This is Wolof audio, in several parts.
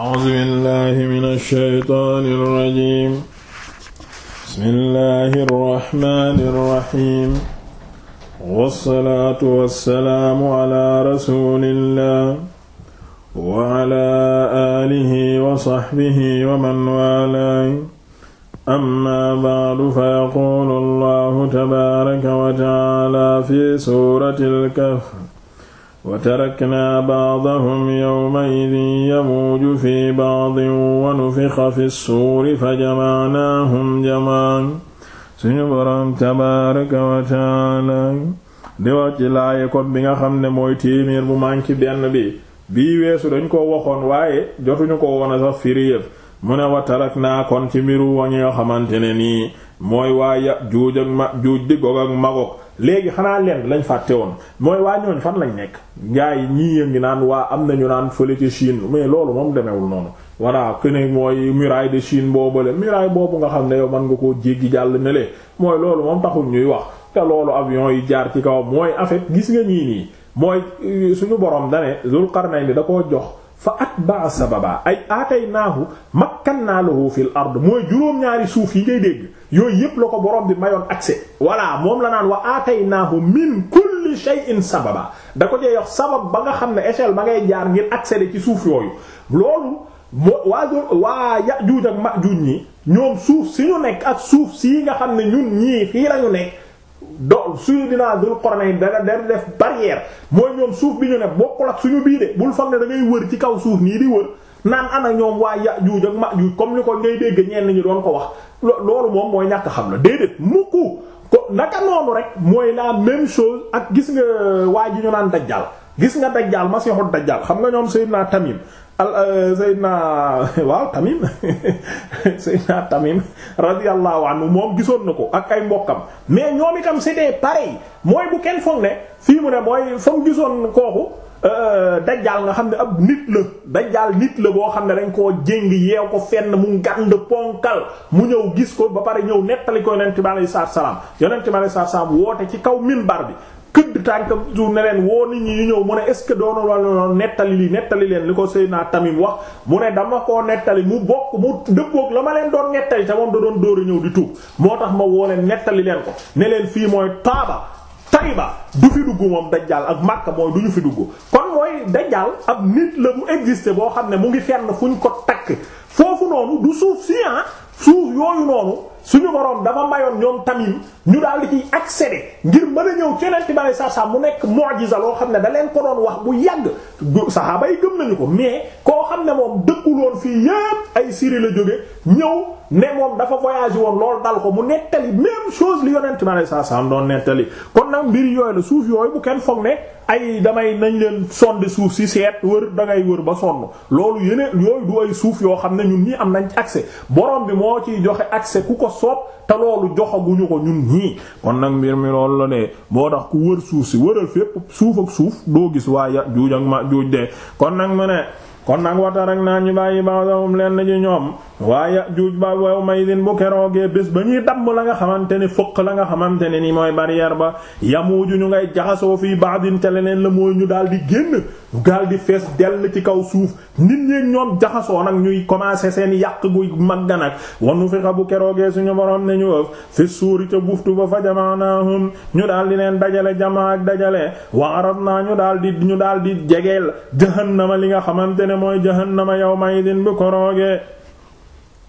A'uuzu billaahi mina shaytaani rajiim bismillaahi rahmaani rahiim wassalaatu wassalaamu alaa rasuulillaah wa alaa aalihi wa sahbihi wa man waalaahu ammaa ba'du fayaquulu Allaahu tabaaraka wa ta'aalaa fi suuratil kahf wa taraknaa ba'dahum yawma'idin yamuuju fi ba'din wa nufixa fi ssuuri fa jama'naahum jam'an suñu boroom tabaaraka wa ta'aala di wax ci laaye kon bi nga xam ne mooy téeméer bu ci benn bi bii weesu dañ ko waxoon waaye jotuñu ko woon a sax firi yëf mu ne wa tarak naa kon ci mbiru wa ñi nga xamante ne nii mooy waa Yaajuuj ak Maajuuj di Gog ak Magog léegi xanaa leen lañ fàtte woon mooy waa ñooñ fan lañ nekk gars yi ñii yëngi naan waa am na ñu naan fële ca Chine mais loolu moom demewul noonu voilà que ne mooy muraille de Chine boobale muraille boobu nga xam ne yow man nga koo jéggi jàll ne lee mooy loolu moom taxul ñuy wax te loolu avion yi jaar ci kaw mooy en gis nga ñii nii mooy euh, suñu borom dane Zul Qarnayn da koo jox fa atbaa sababa ay aataynaahu makkannaa lahu fi ard mooy juróom-ñaari suuf yi ngay dégg yooyu yépp la ko borom bi mayoon accès voilà moom la naan wa aataynaahu min kulli shay'in sababa da ko jee yox sabab ba nga xam ne échelle ba ngay jaar ngir accéder ci suuf yooyu loolu moo waa waa Yaajuuj ak Maajuuj ñi ñoom suuf si ñu nekk ak suuf sii nga xam ne ñun ñii fii lañu nekk do suy dinaa dul Qarnayn dana dem def barrière mooy ñoom suuf bi ñu ne bokkul ak suñu bii de bul fam ne da ngay wër ci kaw suuf nii di wër naan ana ñoom waa Yaajuuj ak Maajuuj comme ni ko ngay dégg ñeen ñi doon ko wax loolu moom mooy ñàkk xam la déedéet mukku ko naka noonu rek mooy naan même chose ak gis nga waa ji ñu naan Dajjal gis nga dajjaal masiixu dajjaal xam nga ñoom naa Tamim al euh, Seydina waaw Tamim Seydina Tamim radiyallahu anhu moom gisoon na ko ak ay mbokkam mais ñoom itam c'était pareil mooy bu kenn foog ne fii mu ne mooy fa mu gisoon kooku euh, dajjaal nga xam ne ak nit la dajjaal nit la boo xam ne dañ koo jéng yeew ko fenn mu ngànd ponkal mu ñëw gis ko ba pare ñëw nettali ko yonent sa alayhi salaam yonent bi sa salaam woote ci kaw minbar bi këdd tànk toujours ne leen woo nit ñi ñu ñëw mu ne est-ce que doonu wala nettali li nettali leen li ko Seydina Tamim wax mu ne dama koo nettali mu bokk mu dëppoog la ma leen doon nettali te moom da doon dóor a ñëw di tuub moo tax ma woo leen nettali leen ko ne leen fii mooy Taaba Tayba du fi dugg moom dajjaal ak Makka mooy du ñu fi dugg kon mooy dajjaal ab nit la mu exister boo xam ne mu ngi fenn fu ñu ko takk foofu noonu du suuf si ah suuf yooyu noonu. suñu boroom dafa mayoon ñoom tamim ñu daal ci ciy accéder ngir mën a ñëw ci yonent bi alayhi salaam mu nekk mu'jiza loo xam ne da leen ko doon wax bu yàgg saxaaba yi gëm nañu ko mais koo xam ne moom dëkkuloon fii yépp ay Syrie la jóge ñëw ne moom dafa voyagé woon loolu dal ko mu nettali même chose li yonent bi alayhi salaam doon nettali kon nag mbir yooyu la suuf yooyu bu kenn foog ne ay damay nañ leen sonde suuf si seet wër dangay wër ba sonn loolu yeneen yooyu du ay suuf yoo xam ne ñun ñi am nañ accès borom bi moo ciy joxe accès ku soob te loolu joxaguñu ko ñun ñii kon nag mbir mi loolu la de moo tax ku wër suuf si wërël fépp suuf ak suuf doo gis waaye juuj ak ma juuj de kon nag mu ne kon nag waxtaan rek naa ñu bàyyi ba xam leen ci ñoom. waa Yaajuuj ba wow may din bu keroogee bés ba ñuy damm la nga xamante ne fëq la nga xamante ne ni mooy barrière ba yamuuju ñu ngay jaxasoo fii baadin te leneen la mooy ñu daal di génn daal di fees dell ci kaw suuf nit ñoom jaxasoo nag ñuy commencé seen yàq guy mag nag wanu fi xa bu keroogee suñu borom ne ñu ëf ca buftu ba fa jamaanaahum ñu daal di leen dajale jamaa ak dajale wa araf naa ñu daal di ñu daal di jegeel jahannama li nga xamante ne mooy jahannama yow may din bu keroogee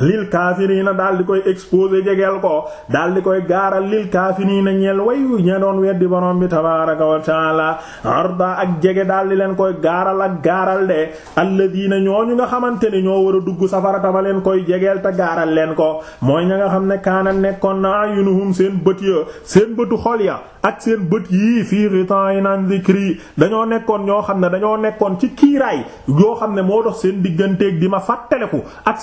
lil kaafiriina daal di koy exposé jegeel ko daal di koy gaaral lil kaafiriina ñeel wayu ñe doon weddi borom bi tabaaraka wa taala arda ak jege daal di leen koy gaaral ak gaaral de alladiina ñooñu nga xamante ne ñoo war a dugg safara tama leen koy jegeel te gaaral leen ko mooy ña nga xam ne kaana nekkoon naa na ayunuhum seen bët ya seen bëtu xool ya ak seen bët yii fii yi an dikri dañoo nekkoon ñoo xam ne dañoo nekkoon ci kiiraay yoo xam ne moo dox seen digganteeg di ma fàttaleku ak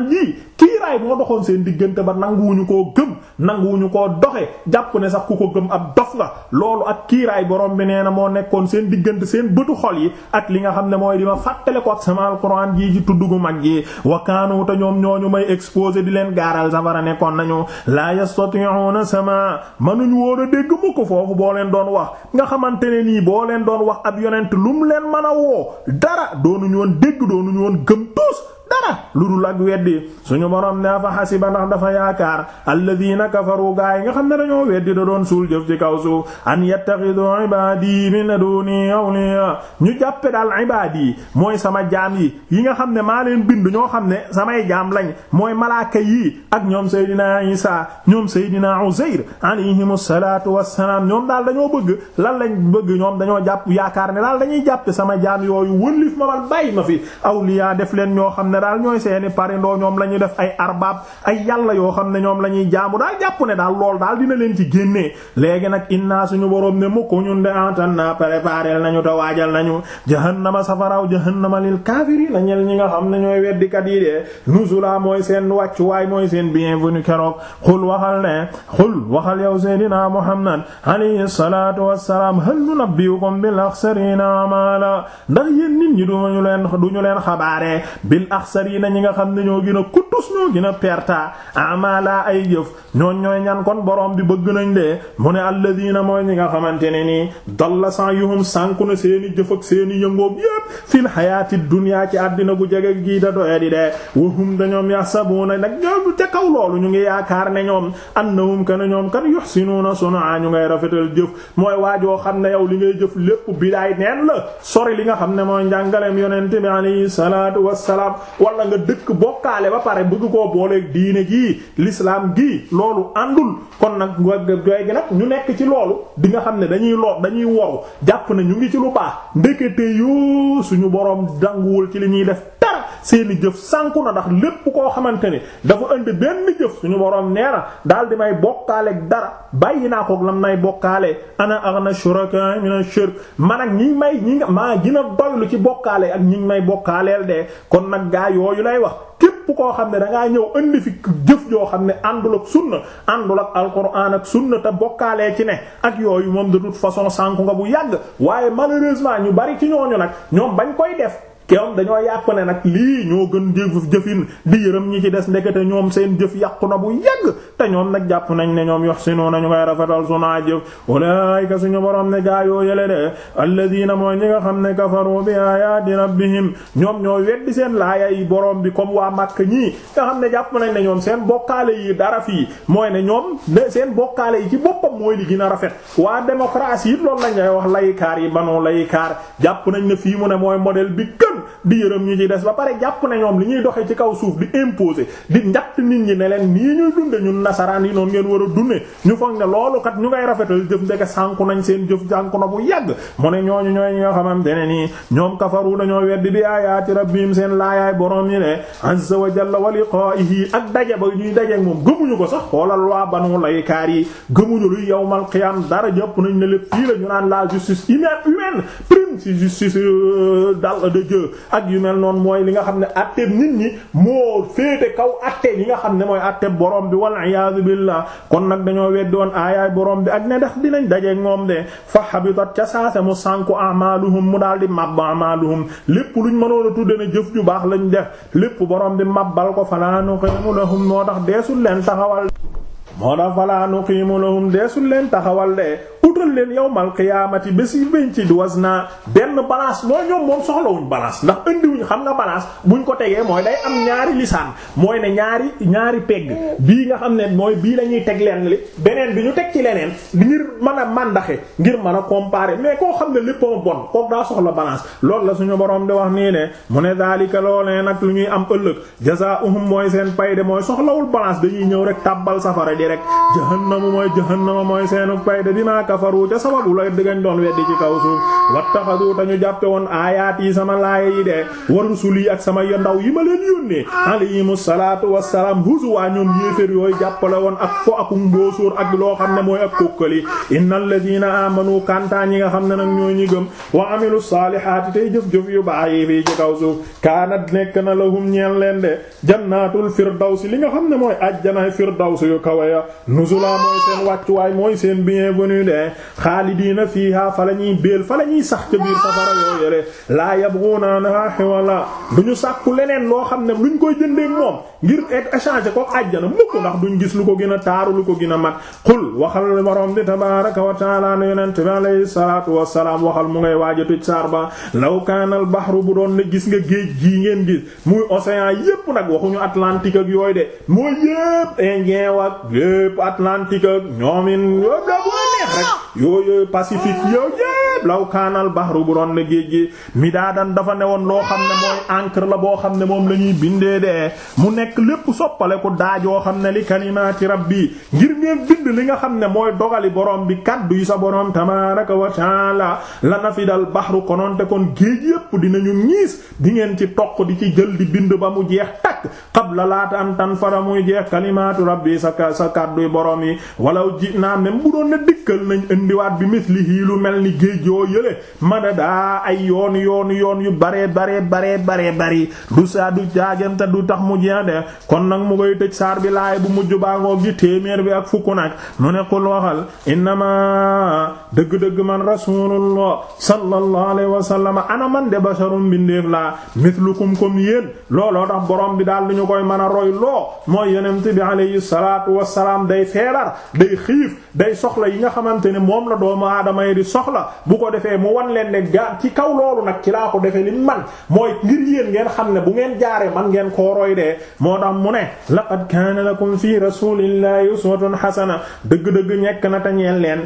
naan lii kiiraay moo doxoon seen diggante ba nanguwuñu koo gëm nanguwuñu koo doxe jàpp ne sax ku ko gëm ab dof la loolu ak kiiraay borom bi nee na moo nekkoon seen diggante seen bëtu xol yi ak li nga xam ne mooy di ma fàttale ko ak sama alxuraan ji ci tuddugu mag yi wa kaanu te ñoom ñooñu may exposé di leen gaaral safara nekkoon nañu la yastati'una sama manuñu woon a dégg mukk foofu boo leen doon wax nga xamante ne nii boo leen doon wax lu mu leen mën a woo dara doonuñu woon dégg doonuñu woon gëm dara lu dul ak weddi suñu borom ne afa xasiba ndax dafa yaakaar alladina kafaru gaa yi nga xam ne dañoo weddi da doon suul jëf ci kaw suuf an yattaxidu ibadi min duni awliya ñu jàppe daal ibadi mooy sama jaam yi yi nga xam ne maa leen bind ñoo xam ne samay jaam lañ mooy malaaka yi ak ñoom seydina isa ñoom seydina uzair alayhim salaatu wassalaam ñoom daal dañoo bëgg lan lañ bëgg ñoom dañoo jàpp yaakaar ne daal dañuy jàppe sama jaam yooyu wëllif ma bal bàyyi ma fi awliya ne daal ñooy seeni parindoo ñoom la ñuy def ay arbaab ay yàlla yoo xam ne ñoom la ñuy jaamu daal jàpp ne daal lool daal dina leen ci génnee léegi nag inna suñu boroom ne mukk ñun de antan na préparé nañu te waajal nañu jahannama safaraw jahannama lil kaafiriin la ñel ñi nga xam ne ñooy weddikat yi de nuzula mooy seen wàccuwaay mooy seen bienvenu keroog xul waxal ne xul waxal yow seydina muhammad alayhi salaatu wassalaam hal nunabbiukum bil axsarina amaala ndax yéen nit ñi duñu leen duñu leen xabaare bil axsarina axsariina ñi nga xam ne ñoo gën a kuttus ñoo gën ay jëf ñoon ñooy ñan kon borom bi bëgg nañ de mu ne alladina mooy ñi nga xamante ne nii dalla sa'yuhum sànku na seeni jëf ak seeni yëngoob yépp fil xayaati dunya ci addina gu jege gii da doya di de wahum dañoom yahsabuna nag ñoom ca kaw loolu ñu ngi yaakaar ne ñoom annahum kana ñoom kan yuhsinuna sun'a ñu ngay rafetal jëf mooy waajoo xam ne yow li ngay jëf lépp bidaay neen la sori li nga xam ne mooy njàngaleem yonent bi alayhi salaatu wassalaam wala nga dëkk bokkaale ba pare bëgg koo booleeg diine gii lislaam gii loolu àndul kon nag léegi nag ñu nekk ci loolu di nga xam ne dañuy loo dañuy woru jàpp na ñu ngi ci lu baax ndekete yoo suñu boroom danguwul ci li ñuy def dara seeni jëf sànku ndax lépp koo xamante ni dafa indi benn jëf suñu boroom nee na daal di may bokkaaleeg dara bàyyi naa koog lam nay bokkaale ana aghna shuraka min ñi may ñi maa gën a doylu ci bokkaale ak ñi may bokkaaleel de kon nag gaa yooyu lay wax képp koo xam ne dangaa ñëw indi fi jëf joo xam ne àndul ak sunna àndul ak alquran ak sunna te bokkaalee ci ne ak yooyu moom de toute façon sànku nga bu yàgg waaye malheureusement ñu bari ci ñooñu nag ñoom bañ koy def keewam dañoo yàpp ne nag lii ñoo gën jëf jëfin di yërëm ñi ci des ndekete ñoom seen jëf yàqu na bu yàgg te ñoom nag jàpp nañ ne ñoom yuhsinu nañu koy rafetal suna jëf ulaayika suñu borom ne gaa yoo yële de alladina mooy ñi nga xam ne kafaru bi ayati rabbihim ñoom ñoo weddi seen laaya bi comme waa Makka ñii nga xam ne jàpp nañ ne ñoom bokkaale yi dara fii mooy ne ñoom seen bokkaale yi ci boppam mooy li gën a rafet waa démocratie loolu lañ lay wax layikaar yi banoo layikaar jàpp nañ ne fii mu ne mooy modèle bi gën yërëm di yërëm ñi ci des ba pare jàpp na ñoom li ñuy doxee ci kaw suuf di imposer di njatt nit ñi ne leen nii ñuy dunde ñun nasaraan yi noonu ngeen war a dunde ñu foog ne loolu kat ñu ngay rafetal jëf ndeke sànku nañ seen jëf sànku na bu yàgg mu ne ñooñu ñooy ñoo xamante ne nii ñoom kafaru dañoo weddi bi aayaati rabbihim seen laayaay borom yi ne azza wa jalla wa liqaa'ihi ak daje ba ñuy daje moom gëmuñu ko sax xoolal waa banu laykaar yi gëmuñu luy yawmal ak yu mel noonu mooy li nga xam ne àtteeb nit ñi moo féete kaw àtteeb yi nga xam ne mooy àtteeb borom bi wal iyaadu billah kon nag dañoo weddoon aayaay borom bi ak ne ndax dinañ dajeeg moom de fa habitat ca saase mu sànku amaaluhum mu daal di màbb amaaluhum lépp luñ mënoon a tudde ne jëf ju baax lañ def lépp borom bi màbbal ko falaa nuqiimu lahum moo tax deesul leen taxawal moo tax falaa nuqiimu lahum deesul leen taxawal de wutal leen yawmal qiyaamati bés yi bañ ci wazna benn balance mooy ñoom moom soxlawuñ balance ndax indiwuñ xam nga balance buñ ko tegee mooy day am ñaari lisaan mooy ne ñaari pegg bii nga xam ne mooy bii la ñuy teg leen li beneen bi ñu teg ci leneen ngir mën a màndaxe ngir mën a comparer mais koo xam ne lépp bon kooku daa soxla balance lool la suñu borom di wax nii ne mu ne daalika loolee nag lu ñuy am ëllëg jazaa'uhum mooy seen pay de mooy soxlawul balance dañuy ñëw rek tàbbal safara di rek jahannamu mooy jahannama mooy kafaru ca sababu la dëggañ doon weddi ci kaw suuf wattaxadu tañu jàppe woon aayaat yi sama laaya yi de wa rusuli ak sama ndaw yi ma leen yónnee alayhimu salaatu wassalaam huzuwa ñoom yéefér yooyu jàppale woon ak fo ak mbóosóor ak loo xam ne mooy ak kókkali innal ladina amanu kantaa ñi nga xam ne nag ñoo ñi gëm wa amilu saalihaati tey jëf-jëf yu baax yi fii ci kaw suuf kaanat nekk na lahum ñeen leen de jannatul firdawsi li nga xam ne mooy ajjanaay firdawsi yu kawe ya nuzula mooy xaalidiina fiihaa fa la ñuy béel fa la ñuy sax ca biir safara yoo yore laa yabghuuna anhaa hiwala duñu sàkku leneen loo xam ne luñ koy jëndee moom ngir échanger ko àjjana mukk ndax duñ gis lu ko gën a taaru lu ko gën a mat xul waxal borom bi tabaaraka wa ta'aala ne yonent bi alayhi salaatu wa salaam waxal mu ngay waaja tëj saar ba law kaana al bahru bu doon ne gis nga géej gii ngeen gis muy océan yépp nag waxuñu Atlantique ak yooyu de mooy yépp Indien ak yépp yo yooyu pacifique yooyu yépp law kaanal bahru bu doon ne géej gi midaadan dafa newoon loo xam ne mooy encre la boo xam ne moom la ñuy bindee dee mu nekk lépp soppale ku daajoo xam ne li kalimaati rabbi ngir ngeen bind li nga xam ne mooy dogali borom bi kaddu yi sa borom tabaaraka wa taala la nafidal bahru kononte kon géej yépp dinañu ñiis di ngeen ci toq di ci jël di bind ba mu jeex takk qabla laata an tanfada muy jeex kalimaatu rabbi sa sa kadduy borom yi walaw ji naa même bu doon ne dikkal nañ indiwaat bi mislihi lu mel ni géej yoo yële madadaa ay yoon yoon yoon yu baree baree baree baree bari du saa du jaagante du tax mu jeex de kon nag mu koy tëj saar bi laay bu mujj baangoog ji téeméer bi ak fukk nag mu ne qul waxal innama dëgg-dëgg man rasulullah sallallahu alayhi wa sallam ana man de basharun mbindeef laa mithlukum comme yéen looloo tax borom bi daal dañu koy man a roy loo mooy yonent bi alayhi salaatu wassalaam day feebar day xiif day soxla yi nga xamante ne moom la doomu aadama yi di soxla bu ko defee mu wan leen ne gaa ci kaw loolu nag ci laa ko defee li man mooy ngir yéen ngeen xam ne bu ngeen jaaree man ngeen koo roy de moo tax mu ne la laqad kaana lakum fi rasulillahi uswatun hasana dëgg-dëgg ñekk na tañeel leen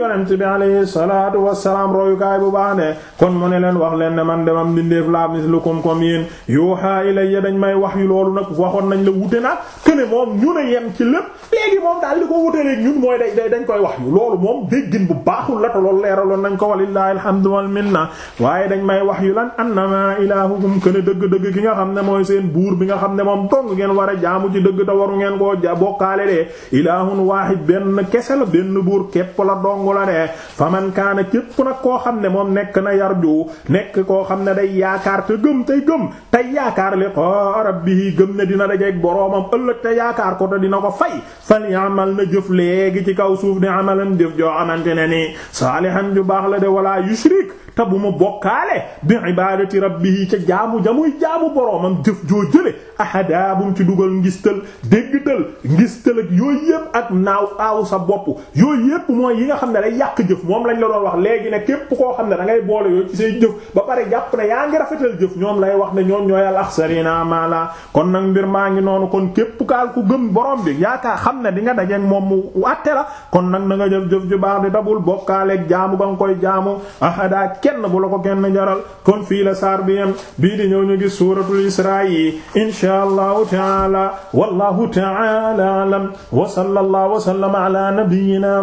yonent bi alayhi salaatu wassalaam royukaay bu baax ne kon mu ne leen wax leen ne man demam mbindeef laa mislukum comme yéen yuuhaa ilayya dañ may wax yu loolu nag waxoon nañ la wute na këne moom ñu ne yem ci lépp léegi moom daal ko wutaleeg ñun mooy day dañ koy wax yu loolu moom déggin bu baaxul la te loolu leeraloon nañ ko walillahi alhamdu wal minna waaye dañ may wax yu lan annama ilaahukum këne dëgg-dëgg ki nga xam ne mooy seen buur bi nga xam ne moom dong ngeen war a jaamu ci dëgg te waru ngeen koo bokkaale de ilaahun waahid benn kese la benn buur képp la dong boobu la ne faman kaana képp nag koo xam ne moom nekk na yar yarju nekk koo xam ne day yaakaar te gëm tey gëm tey yaakaar liqaa rabbihi gëm ne dina dajeek boroomam ëllëg te yaakaar ko te dina ko fa fay falyamal na jëf léegi ci kaw suuf di amalan jëf joo xamante ne nii saalihan ju baax la de wala yushrik te bu mu bokkaale bi ibadati rabbihi ca jaamu jamuy jaamu boroomam jëf joo jële ahada bu mu ci dugal ngistal dégg dal ngistal ak yooyu yépp ak naaw aaw sa bopp yooyu yépp mooy yi nga xam ne ne day yàq jëf moom lañ la doon wax léegi ne képp da ngay boole yooyu say jëf ba pare jàpp ne yaa ngi rafetal jëf ñoom lay wax ne ñoom ñooy al axsarina mala kon nag mbir maa ngi noonu kon képp kaal ku gëm borom bi yaakaar xam ne di nga dajeeg moom mu àtte la kon nag na nga jëf-jëf ju baax di dabul bokkaaleeg jaamu ba nga koy jaamu ahadaa kenn bu la ko kenn jaral kon fii la saar bi yem bii di ñëw ñu gis suuratul israa yi inshaa allahu taala wallahu taala alam wa sallallahu wa sallama ala nabiyyina